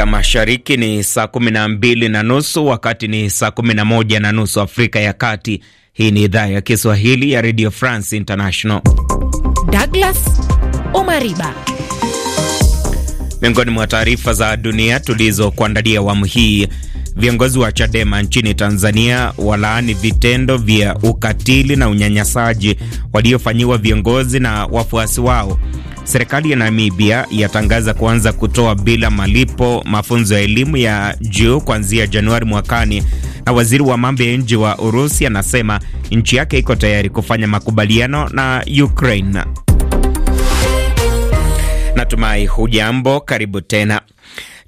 Afrika Mashariki ni saa kumi na mbili na nusu wakati ni saa kumi na moja na nusu Afrika ya Kati. Hii ni idhaa ya Kiswahili ya Radio France International. Douglas Omariba, miongoni mwa taarifa za dunia tulizokuandalia awamu hii Viongozi wa Chadema nchini Tanzania walaani vitendo vya ukatili na unyanyasaji waliofanyiwa viongozi na wafuasi wao. Serikali ya Namibia yatangaza kuanza kutoa bila malipo mafunzo ya elimu ya juu kuanzia Januari mwakani, na waziri wa mambo ya nje wa Urusi anasema nchi yake iko tayari kufanya makubaliano na Ukraine. Natumai hujambo, karibu tena.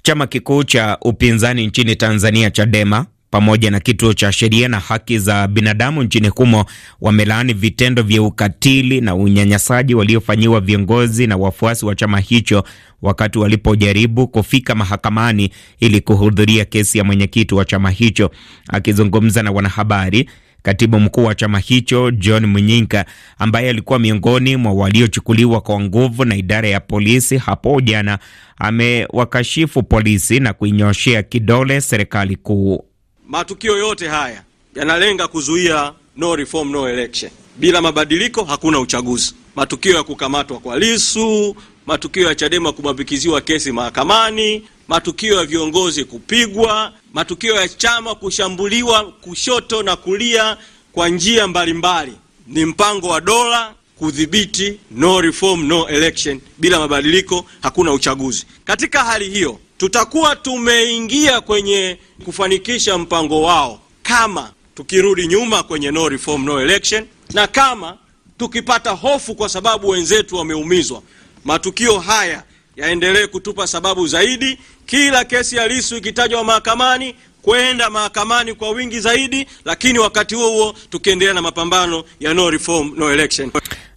Chama kikuu cha upinzani nchini Tanzania, Chadema, pamoja na kituo cha sheria na haki za binadamu nchini humo wamelaani vitendo vya ukatili na unyanyasaji waliofanyiwa viongozi na wafuasi wa chama hicho wakati walipojaribu kufika mahakamani ili kuhudhuria kesi ya mwenyekiti wa chama hicho. Akizungumza na wanahabari, katibu mkuu wa chama hicho John mwinyinka ambaye alikuwa miongoni mwa waliochukuliwa kwa nguvu na idara ya polisi hapo jana, amewakashifu polisi na kuinyoshea kidole serikali kuu. Matukio yote haya yanalenga kuzuia no reform, no election. Bila mabadiliko hakuna uchaguzi. Matukio ya kukamatwa kwa Lisu, matukio ya Chadema kubambikiziwa kesi mahakamani, matukio ya viongozi kupigwa, matukio ya chama kushambuliwa kushoto na kulia kwa njia mbalimbali, ni mpango wa dola kudhibiti no reform, no election. Bila mabadiliko hakuna uchaguzi. Katika hali hiyo tutakuwa tumeingia kwenye kufanikisha mpango wao, kama tukirudi nyuma kwenye no reform, no election, na kama tukipata hofu kwa sababu wenzetu wameumizwa. Matukio haya yaendelee kutupa sababu zaidi, kila kesi ya Lissu ikitajwa mahakamani kwenda mahakamani kwa wingi zaidi, lakini wakati huo huo tukiendelea na mapambano ya no reform, no election.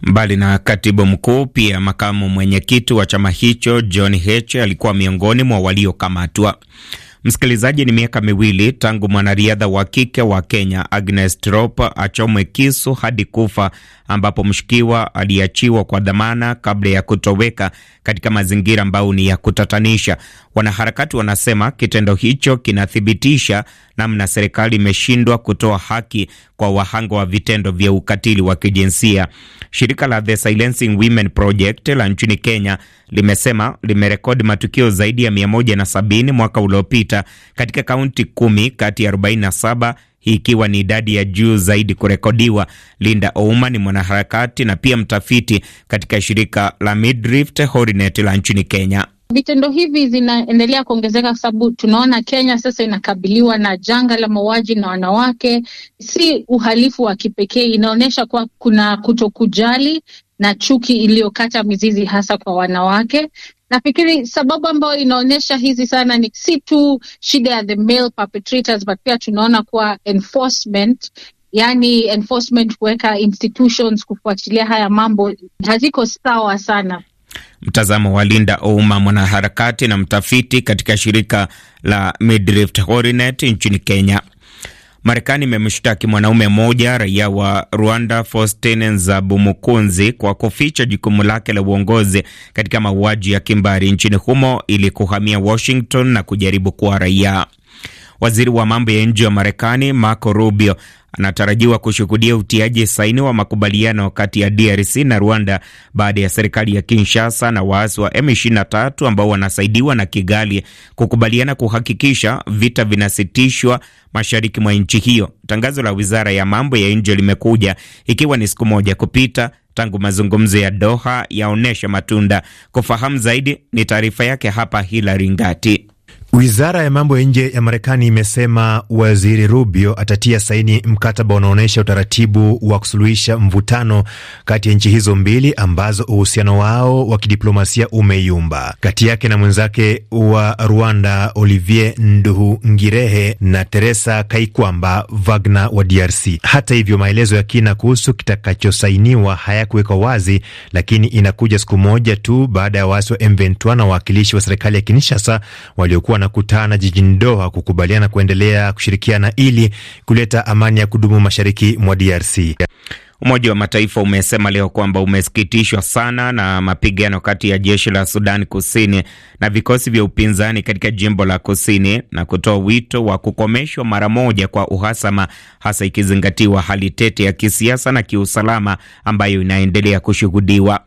Mbali na katibu mkuu, pia makamu mwenyekiti wa chama hicho John Heche alikuwa miongoni mwa waliokamatwa. Msikilizaji, ni miaka miwili tangu mwanariadha wa kike wa Kenya Agnes Tirop achomwe kisu hadi kufa ambapo mshukiwa aliachiwa kwa dhamana kabla ya kutoweka katika mazingira ambayo ni ya kutatanisha. Wanaharakati wanasema kitendo hicho kinathibitisha namna serikali imeshindwa kutoa haki kwa wahanga wa vitendo vya ukatili wa kijinsia. Shirika la The Silencing Women Project la nchini Kenya limesema limerekodi matukio zaidi ya 170 mwaka uliopita katika kaunti 1 kati ya 47 ikiwa ni idadi ya juu zaidi kurekodiwa. Linda Ouma ni mwanaharakati na pia mtafiti katika shirika la Midrift Hornet la nchini Kenya. Vitendo hivi zinaendelea kuongezeka kwa sababu tunaona Kenya sasa inakabiliwa na janga la mauaji na wanawake. Si uhalifu wa kipekee, inaonyesha kuwa kuna kutokujali na chuki iliyokata mizizi hasa kwa wanawake. Nafikiri sababu ambayo inaonyesha hizi sana ni si tu shida ya the male perpetrators, but pia tunaona kuwa enforcement yani enforcement kuweka institutions kufuatilia haya mambo haziko sawa sana. Mtazamo wa Linda Ouma, mwanaharakati na mtafiti katika shirika la Midrift Horinet nchini Kenya. Marekani imemshtaki mwanaume mmoja raia wa Rwanda, Faustin Nzabumukunzi, kwa kuficha jukumu lake la uongozi katika mauaji ya kimbari nchini humo ili kuhamia Washington na kujaribu kuwa raia. Waziri wa mambo ya nje wa Marekani Marco Rubio anatarajiwa kushuhudia utiaji saini wa makubaliano kati ya DRC na Rwanda baada ya serikali ya Kinshasa na waasi wa M23 ambao wanasaidiwa na Kigali kukubaliana kuhakikisha vita vinasitishwa mashariki mwa nchi hiyo. Tangazo la wizara ya mambo ya nje limekuja ikiwa ni siku moja kupita tangu mazungumzo ya Doha yaonyesha matunda. Kufahamu zaidi ni taarifa yake hapa hilaringati Ngati. Wizara ya mambo ya nje ya Marekani imesema waziri Rubio atatia saini mkataba unaonyesha utaratibu wa kusuluhisha mvutano kati ya nchi hizo mbili ambazo uhusiano wao wa kidiplomasia umeyumba, kati yake na mwenzake wa Rwanda Olivier Nduhungirehe na Teresa Kaikwamba Wagner wa DRC. Hata hivyo, maelezo ya kina kuhusu kitakachosainiwa hayakuwekwa wazi, lakini inakuja siku moja tu baada ya waasi wa M23 na wawakilishi wa serikali ya Kinshasa waliokuwa wanakutana jijini Doha kukubaliana kuendelea kushirikiana ili kuleta amani ya kudumu mashariki mwa DRC. Umoja wa Mataifa umesema leo kwamba umesikitishwa sana na mapigano kati ya jeshi la Sudan Kusini na vikosi vya upinzani katika jimbo la Kusini na kutoa wito wa kukomeshwa mara moja kwa uhasama, hasa ikizingatiwa hali tete ya kisiasa na kiusalama ambayo inaendelea kushuhudiwa.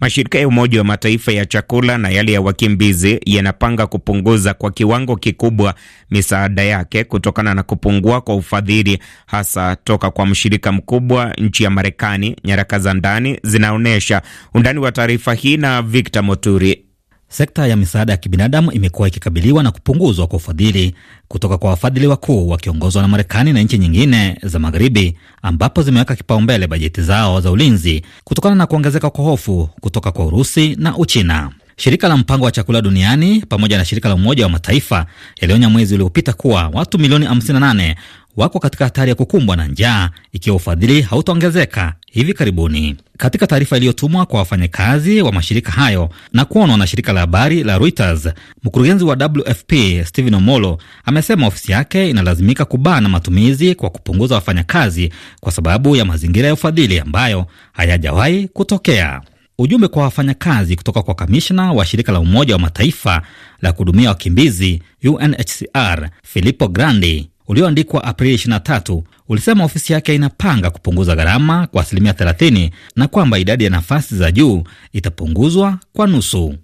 Mashirika ya Umoja wa Mataifa ya chakula na yale ya wakimbizi yanapanga kupunguza kwa kiwango kikubwa misaada yake kutokana na kupungua kwa ufadhili, hasa toka kwa mshirika mkubwa nchi ya Marekani. Nyaraka za ndani zinaonyesha undani wa taarifa hii na Victor Moturi. Sekta ya misaada ya kibinadamu imekuwa ikikabiliwa na kupunguzwa kwa ufadhili kutoka kwa wafadhili wakuu wakiongozwa na Marekani na nchi nyingine za Magharibi, ambapo zimeweka kipaumbele bajeti zao za ulinzi kutokana na kuongezeka kwa hofu kutoka kwa Urusi na Uchina. Shirika la mpango wa chakula duniani pamoja na shirika la Umoja wa Mataifa yalionya mwezi uliopita kuwa watu milioni 58 wako katika hatari ya kukumbwa na njaa ikiwa ufadhili hautaongezeka hivi karibuni. Katika taarifa iliyotumwa kwa wafanyakazi wa mashirika hayo na kuonwa na shirika la habari la Reuters, mkurugenzi wa WFP Stephen Omolo amesema ofisi yake inalazimika kubana matumizi kwa kupunguza wafanyakazi kwa sababu ya mazingira ya ufadhili ambayo hayajawahi kutokea. Ujumbe kwa wafanyakazi kutoka kwa kamishna wa shirika la Umoja wa Mataifa la kuhudumia wakimbizi UNHCR Filippo Grandi ulioandikwa Aprili 23 ulisema ofisi yake inapanga kupunguza gharama kwa asilimia 30 na kwamba idadi ya nafasi za juu itapunguzwa kwa nusu.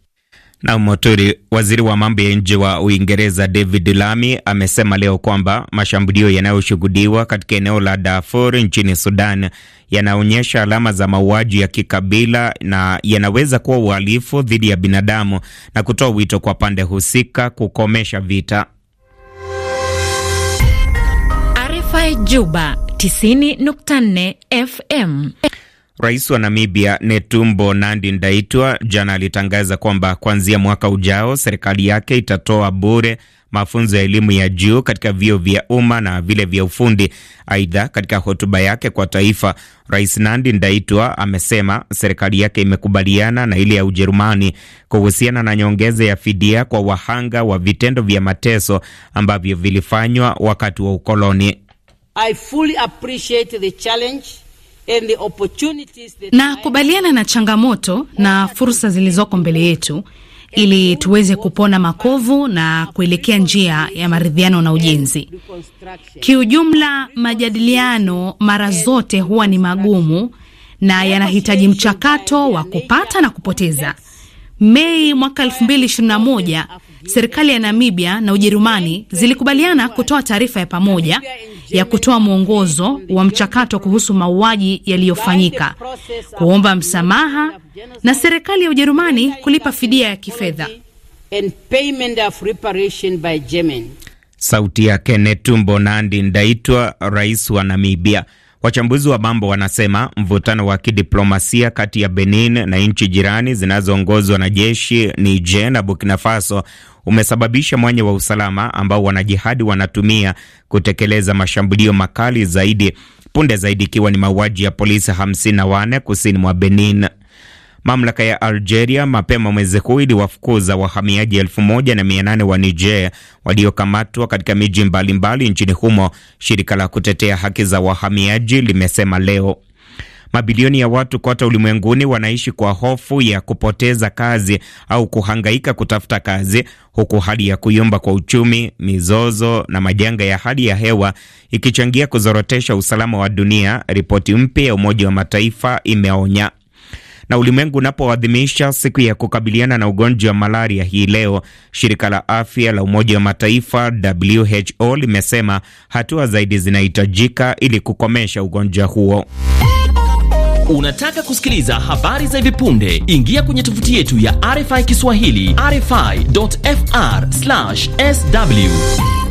Na Moturi, waziri wa mambo ya nje wa Uingereza David lami amesema leo kwamba mashambulio yanayoshuhudiwa katika eneo la Darfur nchini Sudan yanaonyesha alama za mauaji ya kikabila na yanaweza kuwa uhalifu dhidi ya binadamu na kutoa wito kwa pande husika kukomesha vita. RFI Juba 90.4 FM Rais wa Namibia Netumbo Nandi Ndaitwa jana alitangaza kwamba kuanzia mwaka ujao serikali yake itatoa bure mafunzo ya elimu ya juu katika vyuo vya umma na vile vya ufundi. Aidha, katika hotuba yake kwa taifa, Rais Nandi Ndaitwa amesema serikali yake imekubaliana na ile ya Ujerumani kuhusiana na nyongeza ya fidia kwa wahanga wa vitendo vya mateso ambavyo vilifanywa wakati wa ukoloni. I fully appreciate the challenge na kubaliana na changamoto na fursa zilizoko mbele yetu ili tuweze kupona makovu na kuelekea njia ya maridhiano na ujenzi. Kiujumla, majadiliano mara zote huwa ni magumu na yanahitaji mchakato wa kupata na kupoteza. Mei mwaka 2021 serikali ya Namibia na Ujerumani zilikubaliana kutoa taarifa ya pamoja ya kutoa mwongozo wa mchakato kuhusu mauaji yaliyofanyika, kuomba msamaha na serikali ya Ujerumani kulipa fidia ya kifedha. Sauti yake Netumbo Nandi Ndaitwa, rais wa Namibia. Wachambuzi wa mambo wanasema mvutano wa kidiplomasia kati ya Benin na nchi jirani zinazoongozwa na jeshi Niger na Burkina Faso umesababisha mwanya wa usalama ambao wanajihadi wanatumia kutekeleza mashambulio makali zaidi, punde zaidi ikiwa ni mauaji ya polisi 54 kusini mwa Benin. Mamlaka ya Algeria mapema mwezi huu iliwafukuza wahamiaji elfu moja na mia nane wa Niger waliokamatwa katika miji mbalimbali nchini humo, shirika la kutetea haki za wahamiaji limesema leo. Mabilioni ya watu kote ulimwenguni wanaishi kwa hofu ya kupoteza kazi au kuhangaika kutafuta kazi, huku hali ya kuyumba kwa uchumi, mizozo na majanga ya hali ya hewa ikichangia kuzorotesha usalama wa dunia, ripoti mpya ya Umoja wa Mataifa imeonya. Na ulimwengu unapoadhimisha siku ya kukabiliana na ugonjwa wa malaria hii leo, shirika la afya la Umoja wa Mataifa WHO limesema hatua zaidi zinahitajika ili kukomesha ugonjwa huo. Unataka kusikiliza habari za hivi punde? Ingia kwenye tovuti yetu ya RFI Kiswahili, rfi.fr/sw.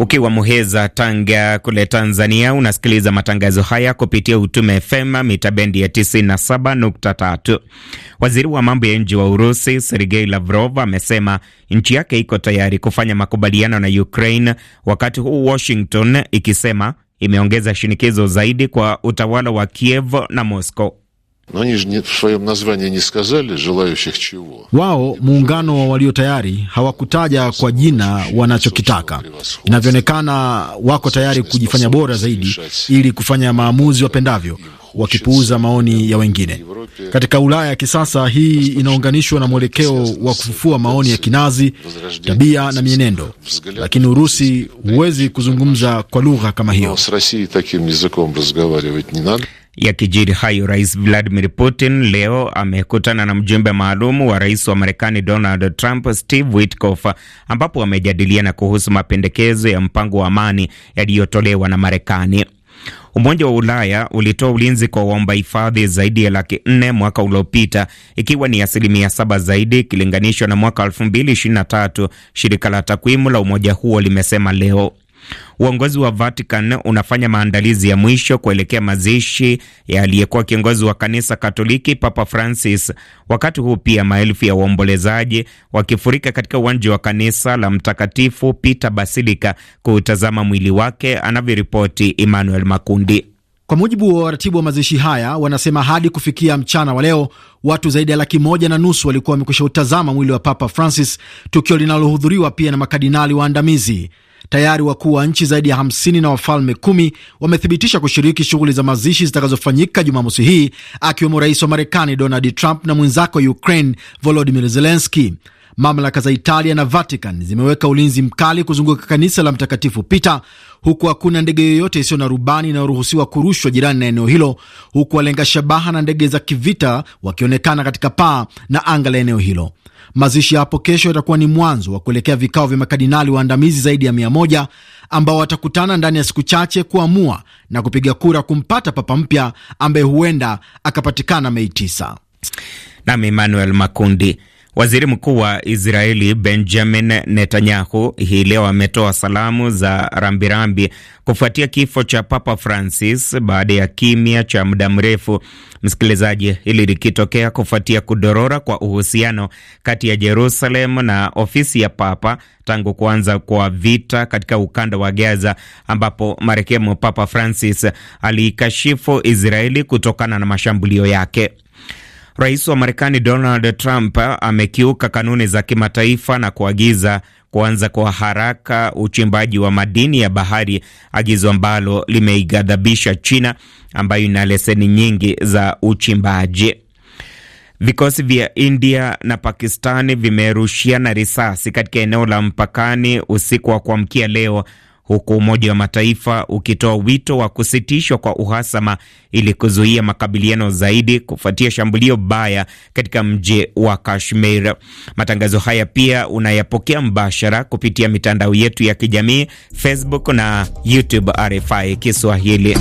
Ukiwa Muheza, Tanga kule Tanzania, unasikiliza matangazo haya kupitia Utume FM mita bendi ya 97.3. Waziri wa mambo ya nje wa Urusi Sergei Lavrov amesema nchi yake iko tayari kufanya makubaliano na Ukraine, wakati huu Washington ikisema imeongeza shinikizo zaidi kwa utawala wa Kiev na Moscow. No, wao muungano wa walio tayari hawakutaja kwa jina wanachokitaka. Inavyoonekana wako tayari kujifanya bora zaidi ili kufanya maamuzi wapendavyo, wakipuuza maoni ya wengine. Katika Ulaya ya kisasa, hii inaunganishwa na mwelekeo wa kufufua maoni ya kinazi, tabia na mienendo, lakini Urusi huwezi kuzungumza kwa lugha kama hiyo ya kijiri hayo, Rais Vladimir Putin leo amekutana na mjumbe maalum wa rais wa Marekani Donald Trump, Steve Witkoff, ambapo wamejadiliana kuhusu mapendekezo ya mpango wa amani yaliyotolewa na Marekani. Umoja wa Ulaya ulitoa ulinzi kwa waomba hifadhi zaidi ya laki nne mwaka uliopita ikiwa ni asilimia saba zaidi ikilinganishwa na mwaka elfu mbili ishirini na tatu, shirika la takwimu la umoja huo limesema leo. Uongozi wa Vatican unafanya maandalizi ya mwisho kuelekea mazishi ya aliyekuwa kiongozi wa kanisa Katoliki Papa Francis, wakati huu pia maelfu ya waombolezaji wakifurika katika uwanja wa kanisa la Mtakatifu Peter Basilica kuutazama mwili wake, anavyoripoti Emmanuel Makundi. Kwa mujibu wa waratibu wa mazishi haya, wanasema hadi kufikia mchana wa leo watu zaidi ya laki moja na nusu walikuwa wamekwisha utazama mwili wa Papa Francis, tukio linalohudhuriwa pia na makadinali waandamizi. Tayari wakuu wa nchi zaidi ya hamsini na wafalme kumi wamethibitisha kushiriki shughuli za mazishi zitakazofanyika Jumamosi hii, akiwemo rais wa Marekani Donald Trump na mwenzako Ukraine Volodimir Zelenski. Mamlaka za Italia na Vatican zimeweka ulinzi mkali kuzunguka kanisa la Mtakatifu Peter, huku hakuna ndege yoyote isiyo na rubani inayoruhusiwa kurushwa jirani na eneo hilo, huku walenga shabaha na ndege za kivita wakionekana katika paa na anga la eneo hilo. Mazishi ya hapo kesho yatakuwa ni mwanzo wa kuelekea vikao vya makadinali waandamizi zaidi ya mia moja ambao watakutana ndani ya siku chache kuamua na kupiga kura kumpata papa mpya ambaye huenda akapatikana Mei 9 Nam Emmanuel Makundi. Waziri mkuu wa Israeli Benjamin Netanyahu hii leo ametoa salamu za rambirambi kufuatia kifo cha Papa Francis baada ya kimya cha muda mrefu. Msikilizaji, hili likitokea kufuatia kudorora kwa uhusiano kati ya Jerusalem na ofisi ya Papa tangu kuanza kwa vita katika ukanda wa Gaza, ambapo marehemu Papa Francis aliikashifu Israeli kutokana na mashambulio yake. Rais wa Marekani Donald Trump amekiuka kanuni za kimataifa na kuagiza kuanza kwa haraka uchimbaji wa madini ya bahari, agizo ambalo limeighadhabisha China ambayo ina leseni nyingi za uchimbaji. Vikosi vya India na Pakistani vimerushiana risasi katika eneo la mpakani usiku wa kuamkia leo huku Umoja wa Mataifa ukitoa wito wa kusitishwa kwa uhasama ili kuzuia makabiliano zaidi kufuatia shambulio baya katika mji wa Kashmir. Matangazo haya pia unayapokea mbashara kupitia mitandao yetu ya kijamii Facebook na YouTube RFI Kiswahili.